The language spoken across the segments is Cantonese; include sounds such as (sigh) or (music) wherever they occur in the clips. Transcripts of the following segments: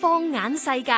放眼世界，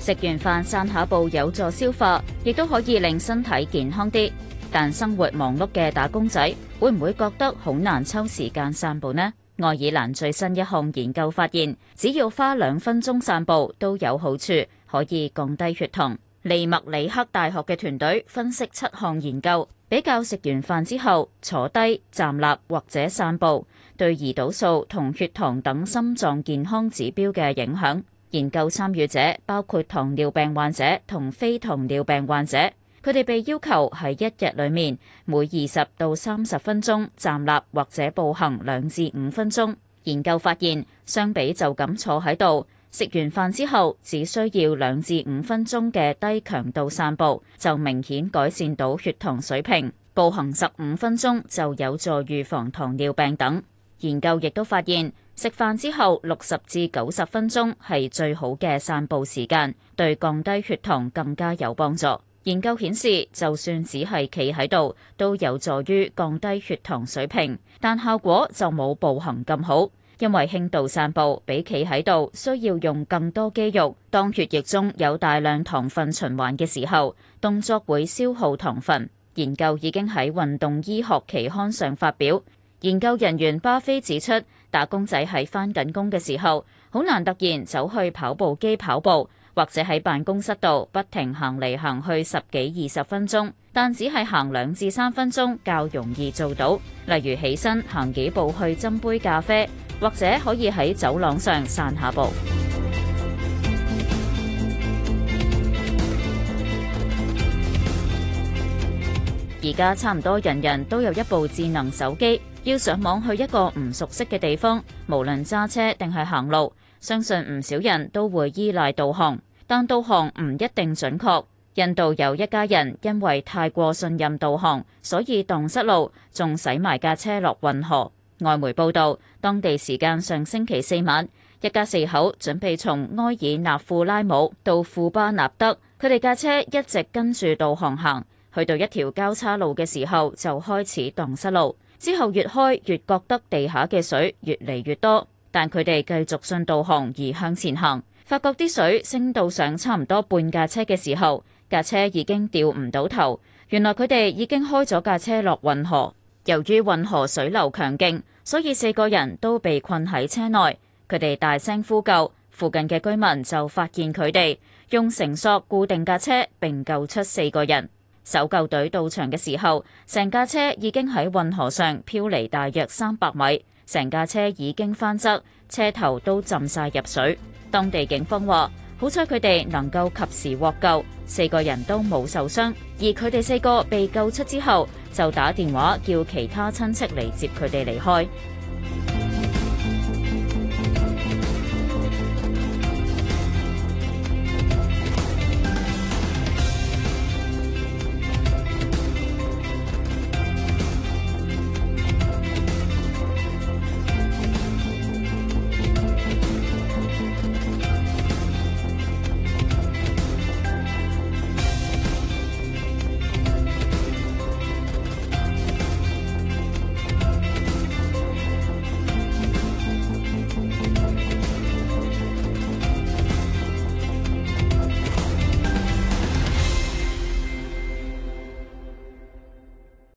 食完飯散下步有助消化，亦都可以令身體健康啲。但生活忙碌嘅打工仔會唔會覺得好難抽時間散步呢？愛爾蘭最新一項研究發現，只要花兩分鐘散步都有好處，可以降低血糖。利默里克大學嘅團隊分析七項研究，比較食完飯之後坐低、站立或者散步對胰島素同血糖等心臟健康指標嘅影響。研究參與者包括糖尿病患者同非糖尿病患者，佢哋被要求喺一日裡面每二十到三十分鐘站立或者步行兩至五分鐘。研究發現，相比就咁坐喺度。食完飯之後，只需要兩至五分鐘嘅低強度散步，就明顯改善到血糖水平。步行十五分鐘就有助預防糖尿病等。研究亦都發現，食飯之後六十至九十分鐘係最好嘅散步時間，對降低血糖更加有幫助。研究顯示，就算只係企喺度，都有助於降低血糖水平，但效果就冇步行咁好。因為輕度散步比企喺度需要用更多肌肉。當血液中有大量糖分循環嘅時候，動作會消耗糖分。研究已經喺《運動醫學期刊》上發表。研究人員巴菲指出，打工仔喺返緊工嘅時候，好難突然走去跑步機跑步，或者喺辦公室度不停行嚟行去十幾二十分鐘。但只係行兩至三分鐘較容易做到，例如起身行幾步去斟杯咖啡。或者可以喺走廊上散下步。而家 (music) 差唔多人人都有一部智能手機，要上網去一個唔熟悉嘅地方，無論揸車定係行路，相信唔少人都會依賴導航。但導航唔一定準確。印度有一家人因為太過信任導航，所以蕩失路，仲使埋架車落運河。外媒報道，當地時間上星期四晚，一家四口準備從埃爾納庫拉姆到庫巴納德，佢哋架車一直跟住導航行，去到一條交叉路嘅時候就開始蕩失路，之後越開越覺得地下嘅水越嚟越多，但佢哋繼續信導航而向前行，發覺啲水升到上差唔多半架車嘅時候，架車已經掉唔到頭，原來佢哋已經開咗架車落運河。由於運河水流強勁，所以四個人都被困喺車內。佢哋大聲呼救，附近嘅居民就發現佢哋，用繩索固定架車，並救出四個人。搜救隊到場嘅時候，成架車已經喺運河上漂離大約三百米，成架車已經翻側，車頭都浸晒入水。當地警方話。好彩佢哋能夠及時獲救，四個人都冇受傷。而佢哋四個被救出之後，就打電話叫其他親戚嚟接佢哋離開。